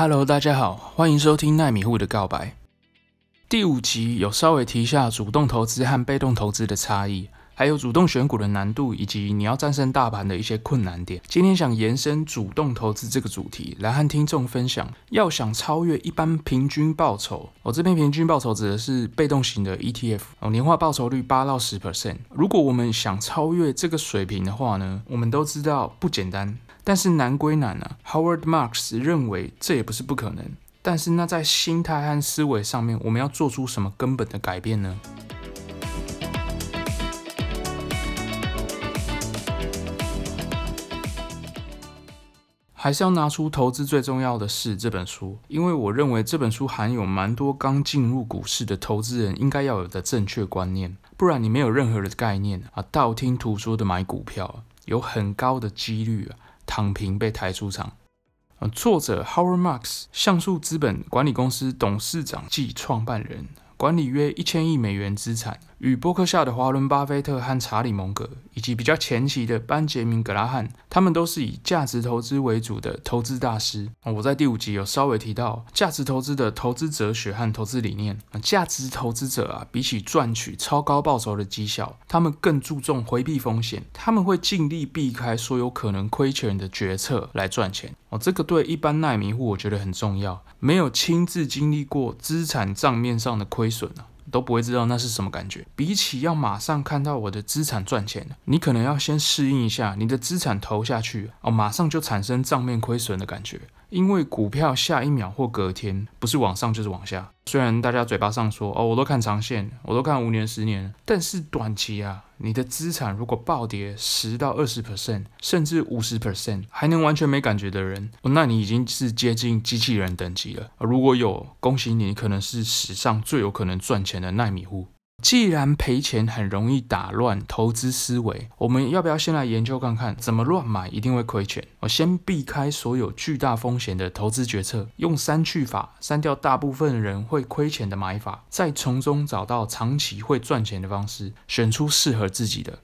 Hello，大家好，歡迎收聽奈米戶的告白第五集。有稍微提一下主動投資和被動投資的差異，還有主動選股的難度，以及你要戰勝大盤的一些困難點。今天想延伸主動投資這個主題，來和聽眾分享。要想超越一般平均報酬，我，哦，這邊平均報酬指的是被動型的 ETF，哦，年化報酬率八到十 percent。如果我們想超越這個水平的話呢，我們都知道不簡單。但是難歸難啊，Howard Marks 認為這也不是不可能。但是那在心態和思維上面，我們要做出什麼根本的改變呢？還是要拿出《投資最重要的事》這本書，因為我認為這本書含有蠻多剛進入股市的投資人應該要有的正確觀念。不然你沒有任何的概念啊，道聽途說的買股票，有很高的幾率啊。躺平被抬出場。嗯，作者 Howard Marks，橡樹資本管理公司董事長暨創辦人，管理約一千億美元資產。與波克夏的華倫·巴菲特和查理·蒙格，以及比較前期的班傑明·格拉漢，他們都是以價值投資為主的投資大師。我在第五集有稍微提到價值投資的投資哲學和投資理念。價值投資者啊，比起賺取超高報酬的績效，他們更注重回避風險。他們會盡力避開所有可能虧錢的決策來賺錢。哦，這個對一般奈米戶我覺得很重要。沒有親自經歷過資產賬面上的虧損都不會知道那是什麼感覺。比起要馬上看到我的資產賺錢，你可能要先適應一下，你的資產投下去哦，馬上就產生賬面虧損的感覺。因為股票下一秒或隔天，不是往上就是往下。雖然大家嘴巴上說哦，我都看長線，我都看五年、十年，但是短期啊，你的資產如果暴跌十到二十 percent，甚至五十 percent，還能完全沒感覺的人，那你已經是接近機器人等級了。如果有，恭喜你，可能是史上最有可能賺錢的奈米戶。既然賠錢很容易打亂投資思維，我們要不要先來研究看看怎麼亂買一定會虧錢？我先避開所有巨大風險的投資決策，用刪去法刪掉大部分人會虧錢的買法，再從中找到長期會賺錢的方式，選出適合自己的。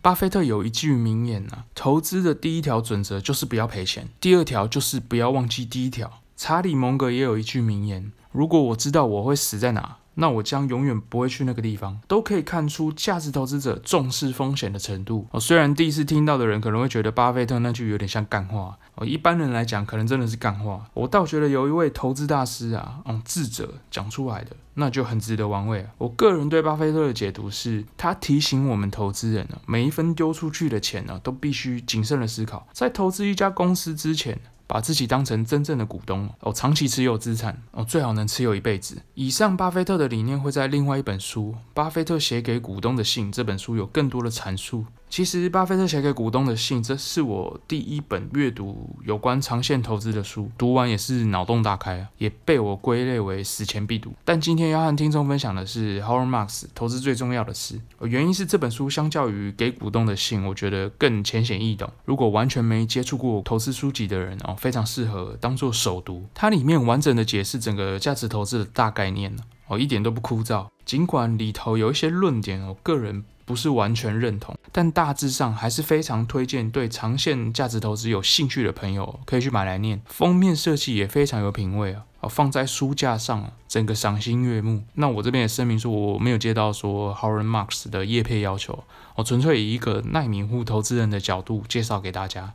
巴菲特有一句名言啊，投資的第一條準則就是不要賠錢，第二條就是不要忘記第一條。查理·芒格也有一句名言，如果我知道我會死在哪，那我將永遠不會去那個地方，都可以看出價值投資者重視風險的程度。哦，雖然第一次聽到的人可能會覺得巴菲特那句有點像幹話，哦，一般人來講可能真的是幹話。我倒覺得有一位投資大師啊，嗯，智者講出來的，那就很值得玩味啊。我個人對巴菲特的解讀是，他提醒我們投資人呢啊，每一分丟出去的錢呢啊，都必須謹慎的思考，在投資一家公司之前，把自己當成真正的股東哦，長期持有資產哦，最好能持有一輩子。以上，巴菲特的理念會在另外一本書《巴菲特寫給股東的信》這本書有更多的闡述。其實，巴菲特寫給股東的信，這是我第一本閱讀有關長線投資的書，讀完也是腦洞大開，也被我歸類為死前必讀。但今天要和聽眾分享的是《Howard Marks 投資最重要的事》，原因是這本書相較於《給股東的信》，我覺得更淺顯易懂。如果完全沒接觸過投資書籍的人哦，非常適合當作首讀。它裡面完整的解釋整個價值投資的大概念哦，一點都不枯燥。儘管裡頭有一些論點，我個人不是完全認同。但大致上還是非常推薦對長線價值投資有興趣的朋友可以去買來念。封面設計也非常有品味啊，放在書架上，整個賞心悅目。那我這邊也聲明說，我沒有接到說 Howard Marks 的業配要求，我純粹以一個奈米戶投資人的角度介紹給大家。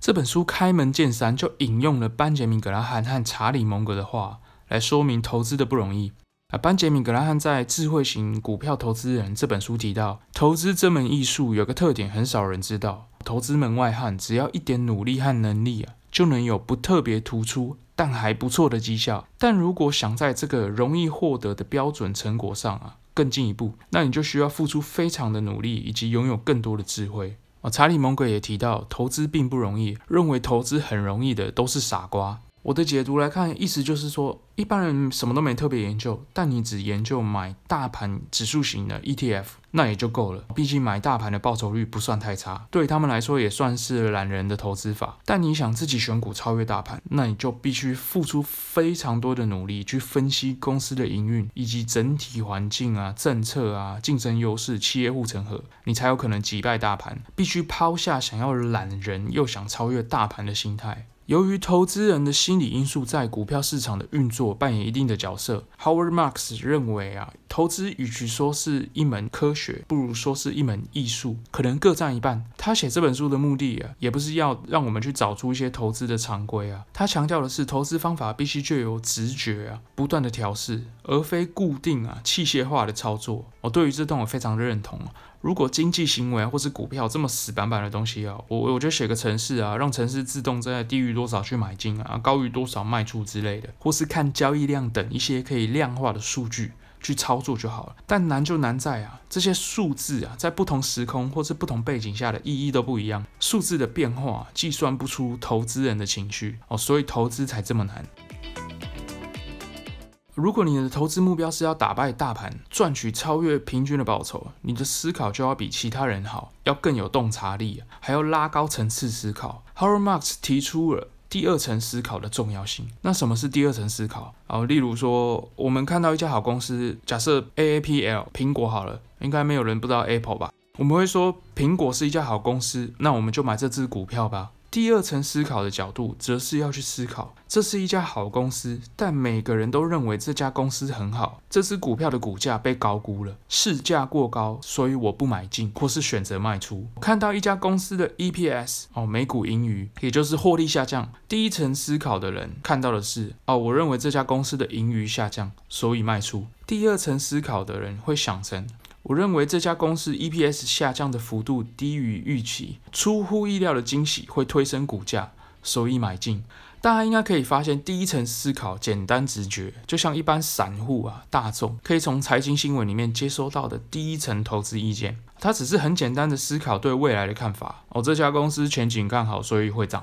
這本書開門見山就引用了班傑明格拉漢和查理蒙格的話來說明投資的不容易。啊，班傑明·格拉漢在《智慧型股票投資人》這本書提到，投資這門藝術有個特點，很少人知道：投資門外漢只要一點努力和能力啊，就能有不特別突出但還不錯的績效。但如果想在這個容易獲得的標準成果上啊，更進一步，那你就需要付出非常的努力以及擁有更多的智慧。啊，查理·蒙格也提到，投資並不容易，認為投資很容易的都是傻瓜。我的解讀來看，意思就是說，一般人什麼都沒特別研究，但你只研究買大盤指數型的 ETF，那也就夠了。畢竟買大盤的報酬率不算太差，對他們來說也算是懶人的投資法。但你想自己選股超越大盤，那你就必須付出非常多的努力，去分析公司的營運以及整體環境啊、政策啊、競爭優勢、企業護城河，你才有可能擊敗大盤。必須拋下想要懶人又想超越大盤的心態。由於投資人的心理因素在股票市場的運作扮演一定的角色，Howard Marks 認為啊，投資與其說是一門科學，不如說是一門藝術，可能各占一半。他寫這本書的目的啊，也不是要讓我們去找出一些投資的常規啊，他強調的是投資方法必須具有直覺啊，不斷的調試，而非固定啊，機械化的操作。我對於這段我非常認同。如果經濟行為或是股票這麼死板板的東西啊，哦，我我就寫個程式啊，讓程式自動在低於多少去買進啊，高於多少賣出之類的，或是看交易量等一些可以量化的數據去操作就好了。但難就難在啊，這些數字啊，在不同時空或是不同背景下的意義都不一樣，數字的變化，啊、計算不出投資人的情緒哦，所以投資才這麼難。如果你的投資目標是要打敗大盤，賺取超越平均的報酬，你的思考就要比其他人好，要更有洞察力，還要拉高層次思考。Howard Marks 提出了第二層思考的重要性。那什麼是第二層思考？啊，例如說，我們看到一家好公司，假設 AAPL 蘋果好了，應該沒有人不知道 Apple 吧？我們會說蘋果是一家好公司，那我們就買這隻股票吧。第二層思考的角度，則是要去思考，這是一家好公司，但每個人都認為這家公司很好，這支股票的股價被高估了，市價過高，所以我不買進，或是選擇賣出。看到一家公司的 EPS 哦，每股盈餘，也就是獲利下降。第一層思考的人看到的是哦，我認為這家公司的盈餘下降，所以賣出。第二層思考的人會想成我認為這家公司 EPS 下降的幅度低於預期，出乎意料的驚喜會推升股價，所以買進。大家應該可以發現，第一層思考簡單直覺，就像一般散戶啊、大眾可以從財經新聞裡面接收到的第一層投資意見，它只是很簡單的思考對未來的看法哦。這家公司前景看好，所以會漲。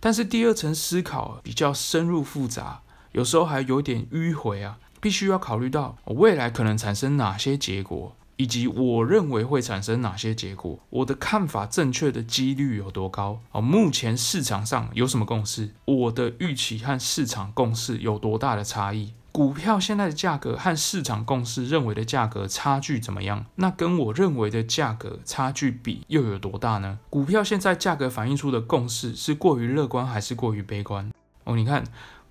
但是第二層思考比較深入複雜，有時候還有點迂迴啊，必須要考慮到未來可能產生哪些結果。以及我認為會產生哪些結果？我的看法正確的幾率有多高？哦，目前市場上有什麼共識？我的預期和市場共識有多大的差異？股票現在的價格和市場共識認為的價格差距怎麼樣？那跟我認為的價格差距比又有多大呢？股票現在價格反映出的共識是過於樂觀還是過於悲觀？哦，你看。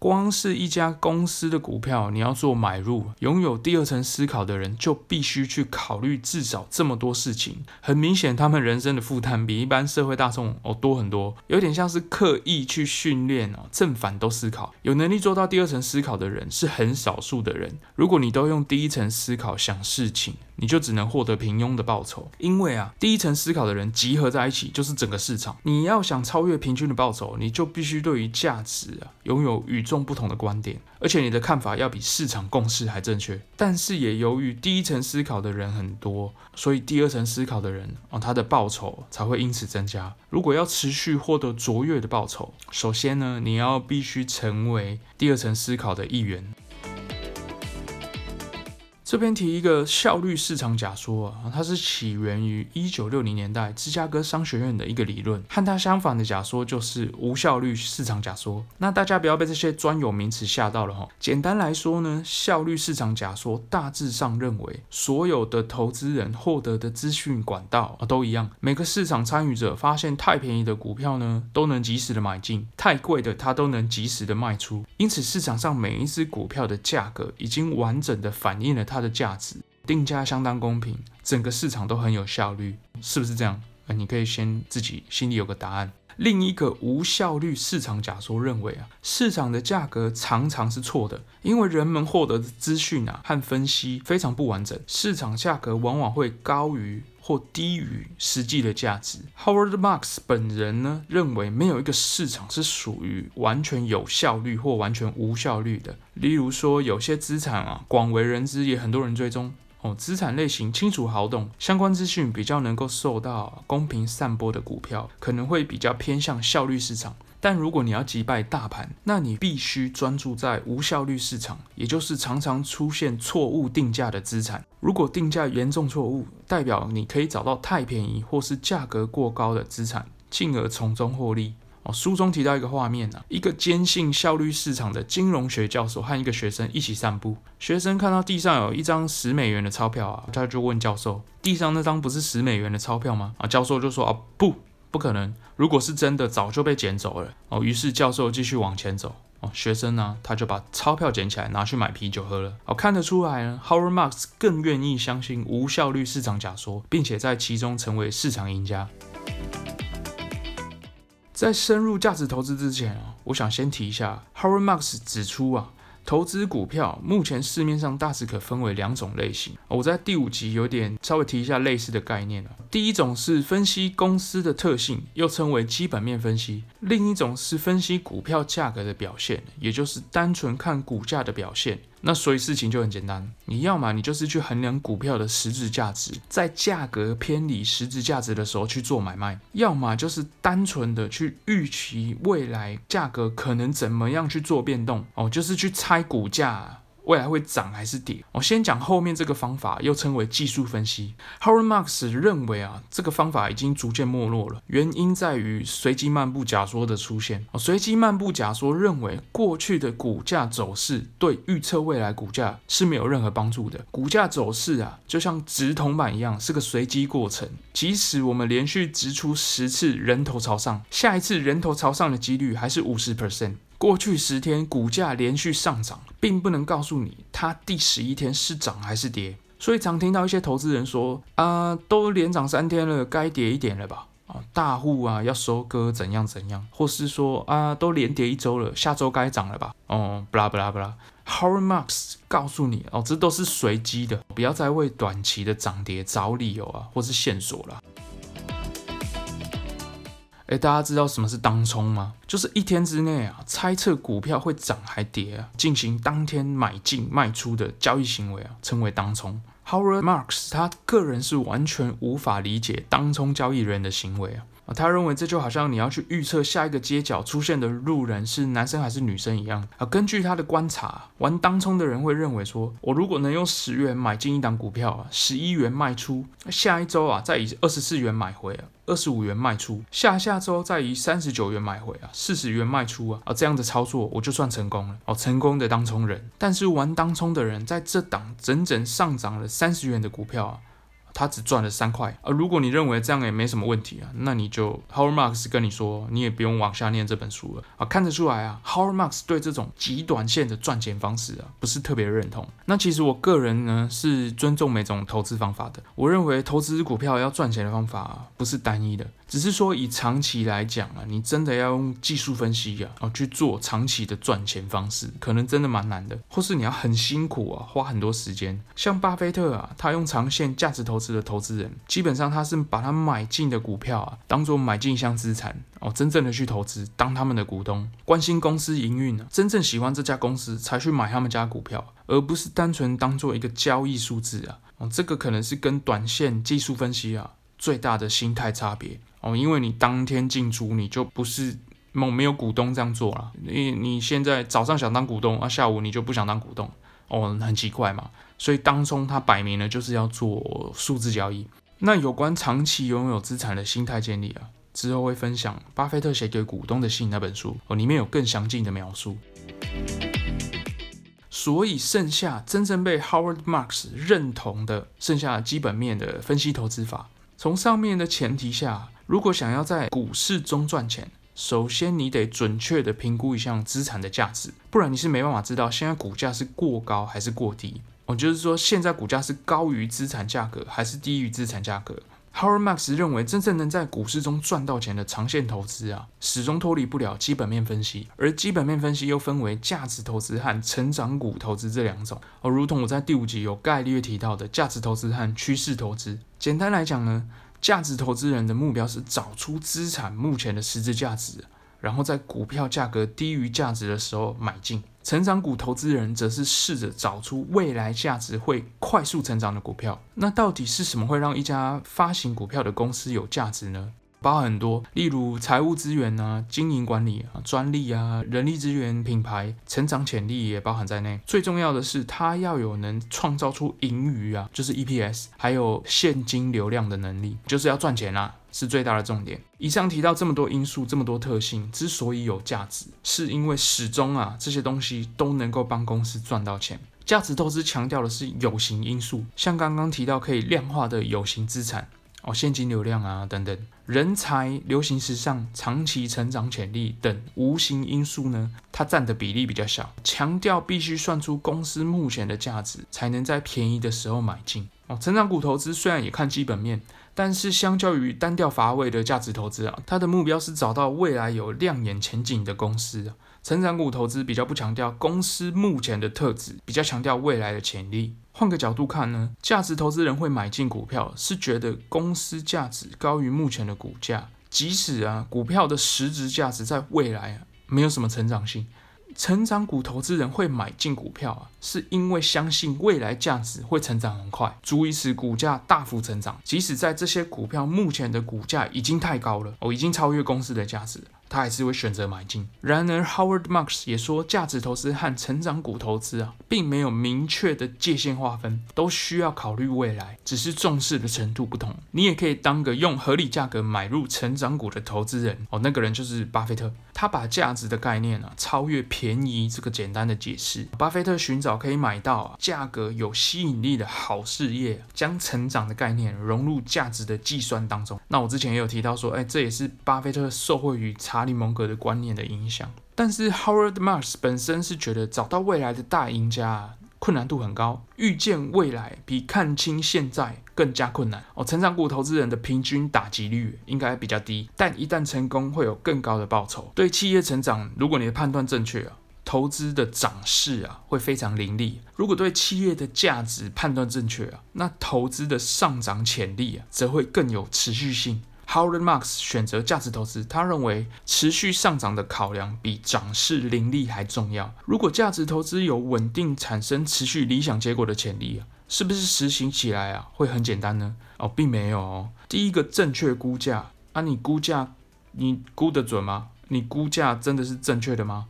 光是一家公司的股票，你要做買入，擁有第二層思考的人就必須去考慮至少這麼多事情。很明顯，他們人生的負擔比一般社會大眾哦多很多，有點像是刻意去訓練哦正反都思考。有能力做到第二層思考的人是很少數的人。如果你都用第一層思考想事情，你就只能獲得平庸的報酬。因為啊，第一層思考的人集合在一起就是整個市場。你要想超越平均的報酬，你就必須對於價值啊擁有與眾。眾不同的觀點，而且你的看法要比市場共識還正確。但是也由於第一層思考的人很多，所以第二層思考的人啊，他的報酬才會因此增加。如果要持續獲得卓越的報酬，首先呢，你要必須成為第二層思考的一員。這邊提一個效率市場假說啊，它是起源於一九六零年代芝加哥商學院的一個理論。和它相反的假說就是無效率市場假說。那大家不要被這些專有名詞嚇到了哈。簡單來說呢，效率市場假說大致上認為，所有的投資人獲得的資訊管道啊都一樣，每個市場參與者發現太便宜的股票呢，都能及時的買進；太貴的他都能及時的賣出。因此市場上每一隻股票的價格已經完整的反映了它的價值，定價相當公平，整個市場都很有效率，是不是這樣？呃，你可以先自己心裡有個答案。另一個無效率市場假說認為啊，市場的價格常常是錯的，因為人們獲得的資訊啊和分析非常不完整，市場價格往往會高於或低於實際的價值。Howard Marks 本人呢認為，沒有一個市場是屬於完全有效率或完全無效率的。例如說，有些資產啊，廣為人知，也很多人追蹤。哦，資產類型清楚好懂，相關資訊比較能夠受到公平散播的股票，可能會比較偏向效率市場。但如果你要擊敗大盤，那你必須專注在無效率市場，也就是常常出現錯誤定價的資產。如果定價嚴重錯誤，代表你可以找到太便宜或是價格過高的資產，進而從中獲利。哦，書中提到一個畫面，啊、一個堅信效率市場的金融學教授和一個學生一起散步，學生看到地上有一張十美元的鈔票啊，他就問教授，地上那張不是十美元的鈔票嗎？啊，教授就說啊，不，不可能，如果是真的，早就被撿走了。哦、啊，於是教授繼續往前走，哦、啊，學生呢、啊，他就把鈔票撿起來拿去買啤酒喝了。哦、啊，看得出來呢，Howard Marks 更願意相信無效率市場假說，並且在其中成為市場贏家。在深入價值投資之前啊，我想先提一下，Howard Marks 指出啊，投資股票目前市面上大致可分為兩種類型。我在第五集有點稍微提一下類似的概念。第一種是分析公司的特性，又稱為基本面分析；另一種是分析股票價格的表現，也就是單純看股價的表現。那所以事情就很簡單，你要麼你就是去衡量股票的實質價值，在價格偏離實質價值的時候去做買賣，要麼就是單純的去預期未來價格可能怎麼樣去做變動，哦，就是去猜股價啊。未來會漲還是跌？我先講後面這個方法，又稱為技術分析。Howard Marks 認為啊，這個方法已經逐漸沒落了，原因在於隨機漫步假說的出現。隨機漫步假說認為，過去的股價走勢對預測未來股價是沒有任何幫助的。股價走勢啊，就像擲銅板一樣，是個隨機過程。即使我們連續擲出十次人頭朝上，下一次人頭朝上的幾率還是五十 percent。過去十天，股價連續上漲並不能告訴你它第十一天是漲還是跌，所以常聽到一些投資人說啊、呃，都連漲三天了，該跌一點了吧？哦、大戶啊要收割怎樣怎樣，或是說啊、呃，都連跌一周了，下周該漲了吧？哦、嗯，不啦不啦不啦，Howard Marks 告訴你哦，這都是隨機的，不要再為短期的漲跌找理由啊，或是線索啦。哎，大家知道什麼是當沖嗎？就是一天之內啊，猜測股票會漲還跌啊，進行當天買進賣出的交易行為啊，稱為當沖。Howard Marks，他個人是完全無法理解當沖交易人的行為啊。他認為這就好像你要去預測下一個街角出現的路人是男生還是女生一樣啊。根據他的觀察，啊，玩當沖的人會認為說，我如果能用十元買進一檔股票啊，十一元賣出，下一周啊再以二十四元買回，二十五元賣出，下下周再以三十九元買回啊，四十元賣出啊，啊這樣的操作我就算成功了哦，成功的當沖人。但是玩當沖的人在這檔整整上漲了三十元的股票啊。他只賺了三塊，而如果你認為這樣也沒什麼問題啊，那你就 Howard Marks 跟你說，你也不用往下念這本書了啊！看得出來啊，Howard Marks 對這種極短線的賺錢方式啊，不是特別認同。那其實我個人呢，是尊重每種投資方法的。我認為投資股票要賺錢的方法啊，不是單一的。只是說以長期來講啊，你真的要用技術分析啊，哦，去做長期的賺錢方式，可能真的蠻難的，或是你要很辛苦啊，花很多時間。像巴菲特啊，他用長線價值投資的投資人，基本上他是把他買進的股票啊，當做買進一項資產哦，真正的去投資，當他們的股東，關心公司營運啊，真正喜歡這家公司才去買他們家股票，而不是單純當做一個交易數字啊，哦。這個可能是跟短線技術分析啊最大的心態差別。哦，因為你當天進出，你就不是沒沒有股東這樣做了。你你現在早上想當股東，啊，下午你就不想當股東，哦，很奇怪嘛。所以當中他擺明了就是要做數、哦、字交易。那有關長期擁有資產的心態建立啊，之後會分享巴菲特寫給股東的信那本書哦，裡面有更詳盡的描述。所以剩下真正被 Howard Marks 認同的，剩下基本面的分析投資法，從上面的前提下。如果想要在股市中賺錢，首先你得準確的評估一項資產的價值，不然你是沒辦法知道現在股價是過高還是過低。哦，就是說現在股價是高於資產價格還是低於資產價格？Howard Marks 認為，真正能在股市中賺到錢的長線投資啊，始終脫離不了基本面分析，而基本面分析又分為價值投資和成長股投資這兩種。而如同我在第五集有概略提到的價值投資和趨勢投資。簡單來講呢，價值投資人的目標是找出資產目前的實質價值，然後在股票價格低於價值的時候買進。成長股投資人則是試着找出未來價值會快速成長的股票。那到底是什麼會讓一家發行股票的公司有價值呢？包含很多，例如財務資源啊、經營管理啊、專利啊、人力資源、品牌、成長潛力也包含在內。最重要的是，它要有能創造出盈餘啊，就是 EPS，還有現金流量的能力，就是要賺錢啦、啊，是最大的重點。以上提到這麼多因素、這麼多特性，之所以有價值，是因為始終啊，這些東西都能夠幫公司賺到錢。價值投資強調的是有形因素，像剛剛提到可以量化的有形資產。哦，現金流量啊，等等，人才、流行時尚、長期成長潛力等無形因素呢，它占的比例比較小，強調必須算出公司目前的價值，才能在便宜的時候買進。哦，成長股投資雖然也看基本面，但是相較於單調乏味的價值投資啊，它的目標是找到未來有亮眼前景的公司啊。成長股投資比較不強調公司目前的特質，比較強調未來的潛力。換個角度看呢，價值投資人會買進股票，是覺得公司價值高於目前的股價，即使啊，股票的實質價值在未來啊沒有什麼成長性。成長股投資人會買進股票啊，是因為相信未來價值會成長很快，足以使股價大幅成長，即使在這些股票目前的股價已經太高了哦，已經超越公司的價值了。他還是會選擇買進。然而，Howard Marks 也說，價值投資和成長股投資啊，並沒有明確的界限劃分，都需要考慮未來，只是重視的程度不同。你也可以當個用合理價格買入成長股的投資人。哦，那個人就是巴菲特。他把價值的概念啊超越便宜這個簡單的解釋，巴菲特尋找可以買到價格有吸引力的好事業，將成長的概念融入價值的計算當中。那我之前也有提到說，哎、欸，這也是巴菲特受惠於查理芒格的觀念的影響。但是 Howard Marks 本身是覺得找到未來的大贏家啊，困難度很高，預見未來比看清現在。更加困難哦，成長股投資人的平均打擊率應該比較低，但一旦成功，會有更高的報酬。對企業成長，如果你的判斷正確啊，投資的漲勢啊會非常凌厲；如果對企業的價值判斷正確啊，那投資的上漲潛力啊則會更有持續性。Howard Marks 選擇價值投資，他認為持續上漲的考量比漲勢凌厲還重要。如果價值投資有穩定產生持續理想結果的潛力啊。是不是實行起來啊，會很簡單呢？哦，並沒有。哦，第一個，正確估價啊，你估價，你估得準嗎？你估價真的是正確的嗎？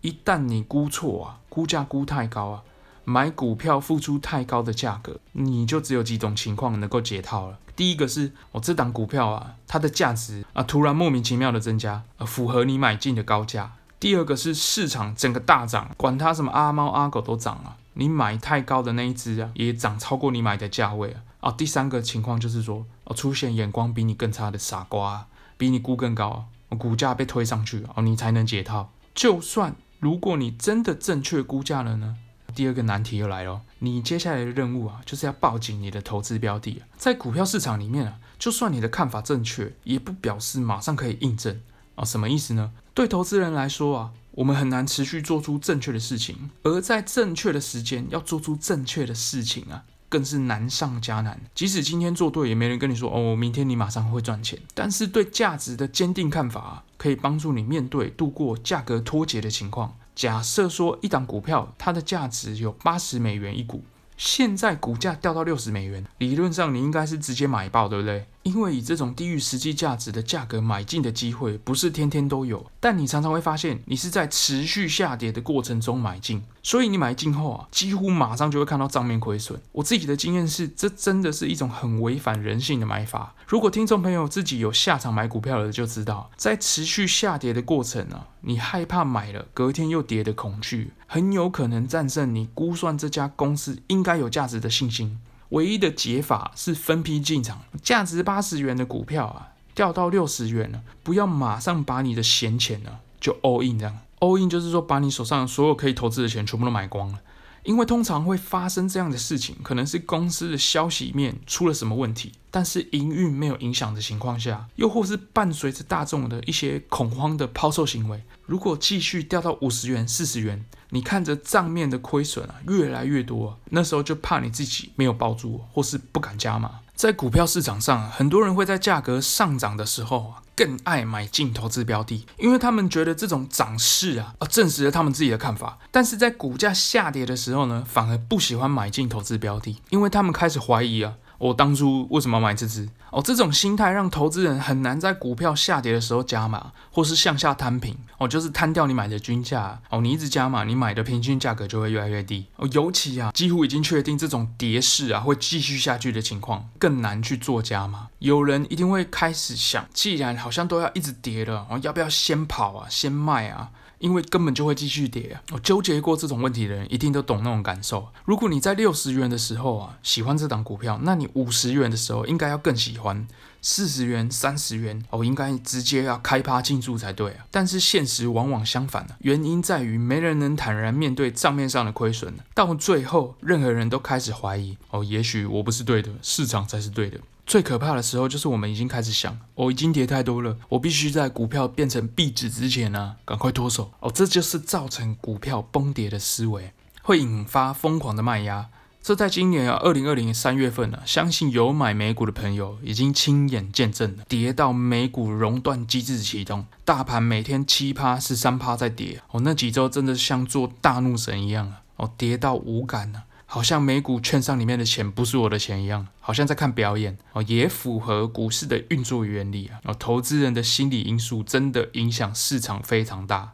一旦你估錯啊，估價估太高啊，買股票付出太高的價格，你就只有幾種情況能夠解套了。第一個是我，哦，這檔股票啊，它的價值啊，突然莫名其妙的增加，啊，符合你買進的高價。第二個是市場整個大漲，管它什麼阿貓阿狗都漲啊。你買太高的那一只啊，也漲超過你買的價位啊、哦。第三個情況就是說，哦，出現眼光比你更差的傻瓜、啊，比你估更高、啊，股價被推上去，啊、哦，你才能解套。就算如果你真的正確估價了呢，第二個難題又來了、哦。你接下來的任務啊，就是要抱緊你的投資標的啊。在股票市場裡面啊，就算你的看法正確，也不表示馬上可以印證啊、哦。什麼意思呢？對投資人來說啊。我們很難持續做出正確的事情，而在正確的時間要做出正確的事情啊，更是難上加難。即使今天做對，也沒人跟你說哦，明天你馬上會賺錢。但是對價值的堅定看法，可以幫助你面對度過價格脫節的情況。假設說一檔股票它的價值有八十美元一股，現在股價掉到六十美元，理論上你應該是直接買爆，對不對？因為以這種低於實際價值的價格買進的機會不是天天都有，但你常常會發現，你是在持續下跌的過程中買進，所以你買進後啊，幾乎馬上就會看到賬面虧損。我自己的經驗是，這真的是一種很違反人性的買法。如果聽眾朋友自己有下場買股票了，就知道在持續下跌的過程啊，你害怕買了隔天又跌的恐懼，很有可能戰勝你估算這家公司應該有價值的信心。唯一的解法是分批進場，價值八十元的股票啊，掉到六十元了，不要馬上把你的閒錢呢、啊、就 all in 這樣，all in 就是說把你手上所有可以投資的錢全部都買光了。因為通常會發生這樣的事情，可能是公司的消息面出了什麼問題，但是營運沒有影響的情況下，又或是伴隨着大眾的一些恐慌的拋售行為，如果繼續掉到五十元、四十元，你看着賬面的虧損啊越來越多，那時候就怕你自己沒有抱住，或是不敢加碼。在股票市場上，很多人會在價格上漲的時候啊，更愛買進投資標的，因為他們覺得這種漲勢啊，啊、呃、證實了他們自己的看法。但是在股價下跌的時候呢，反而不喜歡買進投資標的，因為他們開始懷疑啊。我、哦、當初為什麼買這隻？哦，這種心態讓投資人很難在股票下跌的時候加碼，或是向下攤平。哦，就是攤掉你買的均價。哦，你一直加碼，你買的平均價格就會越來越低。哦，尤其啊，幾乎已經確定這種跌勢啊會繼續下去的情況，更難去做加碼。有人一定會開始想，既然好像都要一直跌了，哦，要不要先跑啊，先賣啊？因為根本就會繼續跌啊！我、哦、糾結過這種問題的人，一定都懂那種感受。如果你在六十元的時候啊，喜歡這檔股票，那你五十元的時候應該要更喜歡，四十元、三十元哦，應該直接要開趴進駐才對啊。但是現實往往相反，啊，原因在於沒人能坦然面對賬面上的虧損，到最後任何人都開始懷疑哦，也許我不是對的，市場才是對的。最可怕的時候就是我們已經開始想，我、哦、已經跌太多了，我必須在股票變成壁紙之前呢、啊，趕快脫手。哦，這就是造成股票崩跌的思維，會引發瘋狂的賣壓。這在今年啊，二零二零年三月份呢、啊，相信有買美股的朋友已經親眼見證了，跌到美股熔斷機制啟動，大盤每天七趴是三趴在跌。哦，那幾周真的是像做大怒神一樣啊，哦，跌到無感啊。好像美股券商裡面的錢不是我的錢一樣，好像在看表演哦，也符合股市的運作原理啊。投資人的心理因素真的影響市場非常大。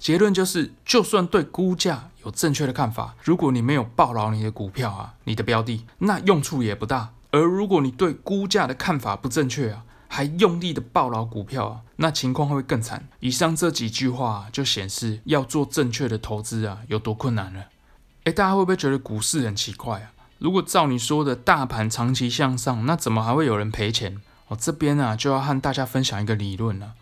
結論就是，就算對估價有正確的看法，如果你沒有抱牢你的股票啊，你的標的，那用處也不大。而如果你對估價的看法不正確啊，還用力的抱牢股票啊，那情況會，會更慘。以上這幾句話、啊、就顯示要做正確的投資啊，有多困難了。哎、欸，大家會不會覺得股市很奇怪啊？如果照你說的大盤長期向上，那怎麼還會有人賠錢？我、喔、這邊啊，就要和大家分享一個理論了、啊，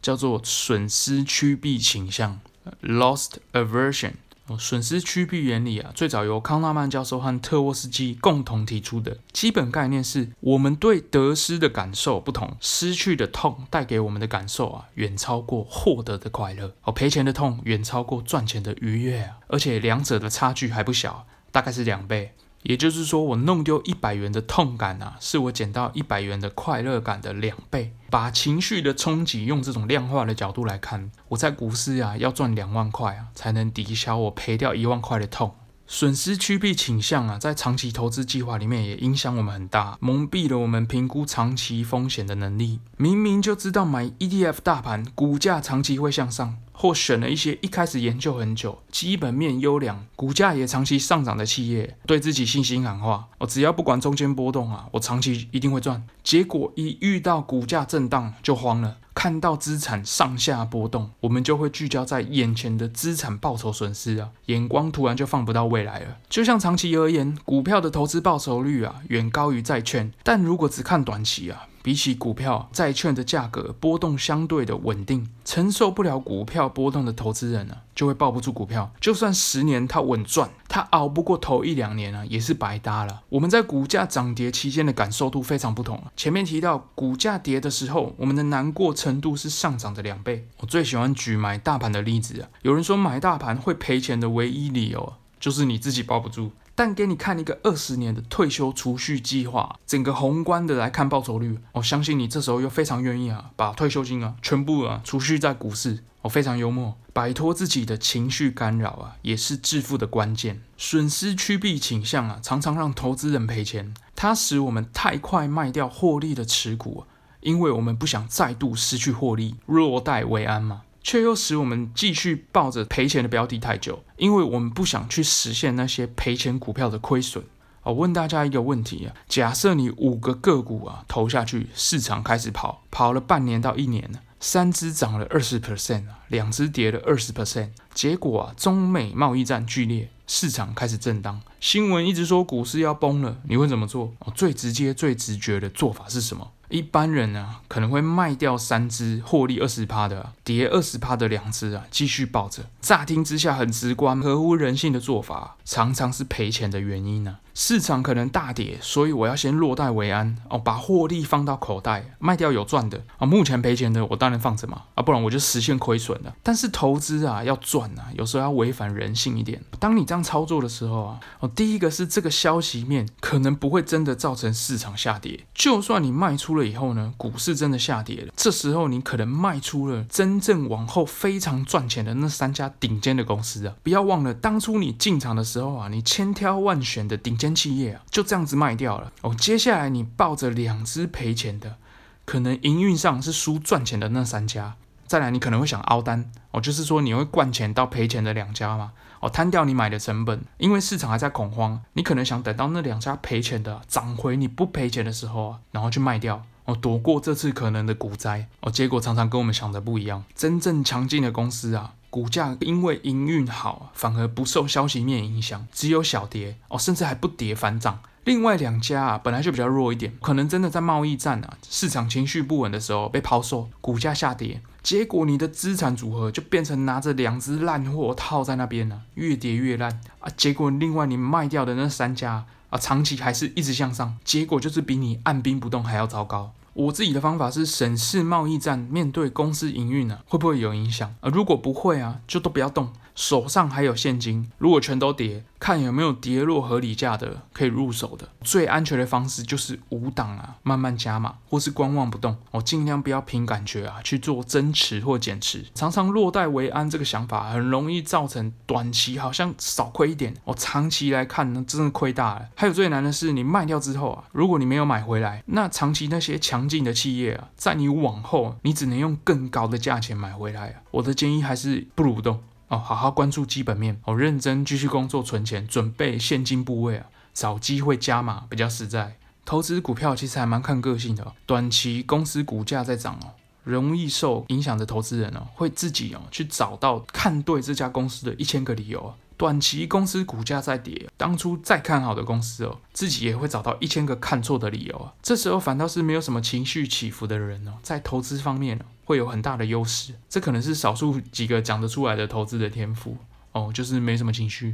叫做損失趨避傾向 （loss aversion）。哦、損失趨避原理啊，最早由康納曼教授和特沃斯基共同提出的基本概念是：我們對得失的感受不同，失去的痛帶給我們的感受啊，遠超過獲得的快樂。而、哦、賠錢的痛遠超過賺錢的愉悅啊，而且兩者的差距還不小，大概是兩倍。也就是說，我弄丟一百元的痛感啊，是我撿到一百元的快樂感的兩倍。把情緒的衝擊用這種量化的角度來看，我在股市啊要賺兩萬塊啊，才能抵消我賠掉一萬塊的痛。損失趨避傾向啊，在長期投資計劃裡面也影響我們很大，蒙蔽了我們評估長期風險的能力。明明就知道買 ETF 大盤，股價長期會向上。或選了一些一開始研究很久、基本面優良、股價也長期上漲的企業，對自己信心喊話：“我只要不管中間波動啊，我長期一定會賺。”結果一遇到股價震盪就慌了，看到資產上下波動，我們就會聚焦在眼前的資產報酬損失啊，眼光突然就放不到未來了。就像長期而言，股票的投資報酬率啊遠高於債券，但如果只看短期啊。比起股票，債券的價格波動相對的穩定，承受不了股票波動的投資人呢，啊，就會抱不住股票。就算十年它穩賺，它熬不過頭一兩年呢，啊，也是白搭了。我們在股價漲跌期間的感受度非常不同。前面提到股價跌的時候，我們的難過程度是上漲的兩倍。我最喜歡舉買大盤的例子啊，有人說買大盤會賠錢的唯一理由，啊，就是你自己抱不住。但給你看一個二十年的退休儲蓄計劃，整個宏觀的來看報酬率，我、哦、相信你這時候又非常願意啊，把退休金啊全部啊儲蓄在股市。我、哦、非常幽默，擺脫自己的情緒干擾啊，也是致富的關鍵。損失趨避傾向啊，常常讓投資人賠錢。它使我們太快賣掉獲利的持股，啊，因為我們不想再度失去獲利，落袋為安嘛。卻又使我們繼續抱着賠錢的標的太久，因為我們不想去實現那些賠錢股票的虧損。我、哦、問大家一個問題啊：假設你五個個股啊投下去，市場開始跑，跑了半年到一年呢，三只漲了二十 percent，兩只跌了二十 percent，結果啊中美貿易戰劇烈，市場開始震盪，新聞一直說股市要崩了，你會怎麼做？哦、最直接、最直覺的做法是什麼？一般人啊，可能會賣掉三隻獲利二十趴的，跌二十趴的兩隻啊，繼續抱着。乍聽之下很直觀、合乎人性的做法，常常是賠錢的原因呢、啊。市場可能大跌，所以我要先落袋為安哦，把獲利放到口袋，賣掉有賺的啊、哦。目前賠錢的我當然放着嘛啊，不然我就實現虧損了。但是投資啊要賺啊，有時候要違反人性一點。當你這樣操作的時候啊，哦，第一個是這個消息面可能不會真的造成市場下跌。就算你賣出了以後呢，股市真的下跌了，這時候你可能賣出了真正往後非常賺錢的那三家頂尖的公司啊。不要忘了，當初你進場的時候啊，你千挑萬選的頂尖。企業啊，就這樣子賣掉了哦。接下來你抱着兩隻賠錢的，可能營運上是輸賺錢的那三家，再來你可能會想凹單哦，就是說你會灌錢到賠錢的兩家嘛，哦，攤掉你買的成本，因為市場還在恐慌，你可能想等到那兩家賠錢的漲回你不賠錢的時候啊，然後去賣掉哦，躲過這次可能的股災哦。結果常常跟我們想的不一樣，真正強勁的公司啊。股價因為營運好，反而不受消息面影響，只有小跌哦，甚至還不跌反漲。另外兩家啊，本來就比較弱一點，可能真的在貿易戰啊，市場情緒不穩的時候被拋售，股價下跌。結果你的資產組合就變成拿着兩只爛貨套在那邊了啊，越跌越爛啊。結果另外你賣掉的那三家啊，長期還是一直向上，結果就是比你按兵不動還要糟糕。我自己的方法是審視貿易戰，面對公司營運呢，會不會有影響？啊，如果不會啊，就都不要動。手上還有現金，如果全都跌，看有沒有跌落合理價的可以入手的。最安全的方式就是無擋啊，慢慢加碼，或是觀望不動。我、哦、盡量不要憑感覺啊去做增持或減持。常常落袋為安這個想法很容易造成短期好像少虧一點，我、哦、長期來看呢，真的虧大了。還有最難的是你賣掉之後啊，如果你沒有買回來，那長期那些強勁的企業啊，在你往後你只能用更高的價錢買回來啊。我的建議還是不如不動。哦，好好關注基本面，哦，認真繼續工作，存錢準備現金部位啊，找機會加碼比較實在。投資股票其實還蠻看個性的哦，短期公司股價在漲哦，容易受影響的投資人哦，會自己哦去找到看對這家公司的一千個理由哦。短期公司股價在跌，當初再看好的公司哦，自己也會找到一千個看錯的理由啊哦。這時候反倒是沒有什麼情緒起伏的人哦，在投資方面呢哦。會有很大的優勢，這可能是少數幾個講得出來的投資的天賦哦，就是沒什麼情緒。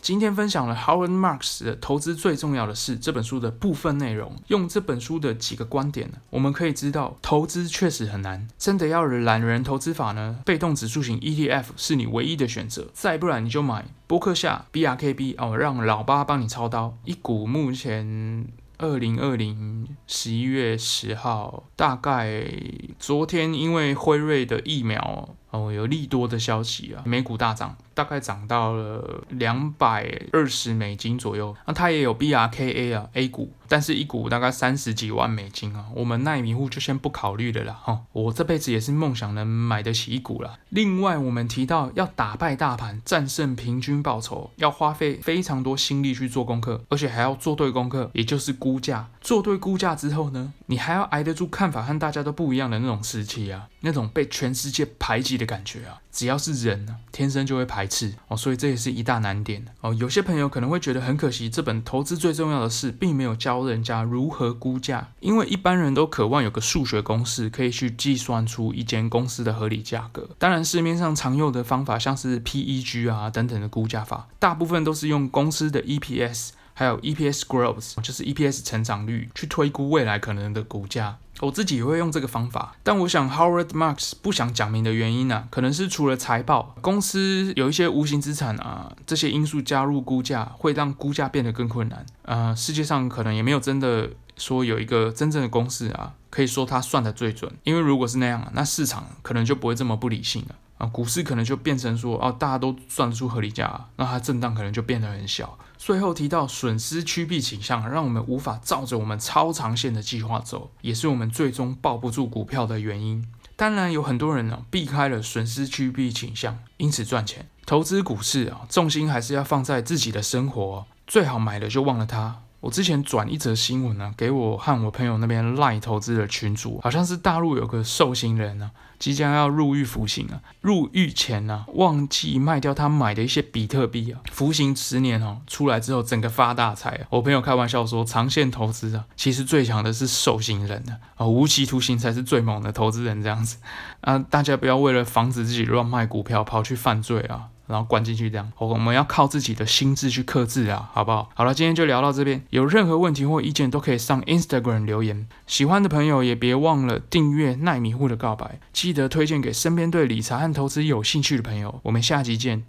今天分享了 Howard Marks 的《投資最重要的事》這本書的部分內容，用這本書的幾個觀點，我們可以知道，投資確實很難，真的要的懶人投資法呢？被動指數型 ETF 是你唯一的選擇，再不然你就買波克夏 BRKB 哦，讓老巴幫你操刀一股，目前。二零二零十一月十號，大概昨天因為輝瑞的疫苗哦有利多的消息啊，美股大漲。大概漲到了兩百二十美金左右啊，那它也有 BRKA 啊，A 股，但是一股大概三十幾萬美金啊，我們奈米戶就先不考慮的了哈，我這輩子也是夢想能買得起一股了。另外，我們提到要打敗大盤、戰勝平均報酬，要花費非常多心力去做功課，而且還要做對功課，也就是估價，做對估價之後呢，你還要挨得住看法和大家都不一樣的那種時期啊，那種被全世界排擠的感覺啊。只要是人呢，天生就會排斥哦，所以這也是一大難點哦。有些朋友可能會覺得很可惜，這本投資最重要的事，並沒有教人家如何估價，因為一般人都渴望有個數學公式，可以去計算出一間公司的合理價格。當然，市面上常用的方法，像是 PEG 啊等等的估價法，大部分都是用公司的 EPS。還有 EPS Growth，就是 EPS 成長率，去推估未來可能的股價。我自己也會用這個方法，但我想 Howard Marks 不想講明的原因呢，啊，可能是除了財報，公司有一些無形資產啊，這些因素加入估價，會讓估價變得更困難。呃，世界上可能也沒有真的說有一個真正的公司啊，可以說它算得最準，因為如果是那樣啊，那市場可能就不會這麼不理性了。啊，股市可能就變成說，哦，大家都算得出合理價，那它震盪可能就變得很小。最後提到損失趨避傾向，讓我們無法照着我們超長線的計劃走，也是我們最終抱不住股票的原因。當然有很多人避開了損失趨避傾向，因此賺錢。投資股市啊，重心還是要放在自己的生活，最好買了就忘了它。我之前轉一則新聞呢、啊，給我和我朋友那邊 LINE 投資的群組，好像是大陸有個受刑人呢、啊，即將要入獄服刑啊。入獄前呢、啊，忘記賣掉他買的一些比特幣啊。服刑十年哦，出來之後整個發大財、啊，我朋友開玩笑說，長線投資啊，其實最強的是受刑人啊，啊、哦，無期徒刑才是最猛的投資人這樣子。啊，大家不要為了防止自己亂賣股票，跑去犯罪啊。然後關進去，這樣我們要靠自己的心智去克制啊，好不好？好了，今天就聊到這邊，有任何問題或意見都可以上 Instagram 留言。喜歡的朋友也別忘了訂閱《奈米戶的告白》，記得推薦給身邊對理財和投資有興趣的朋友。我們下期見。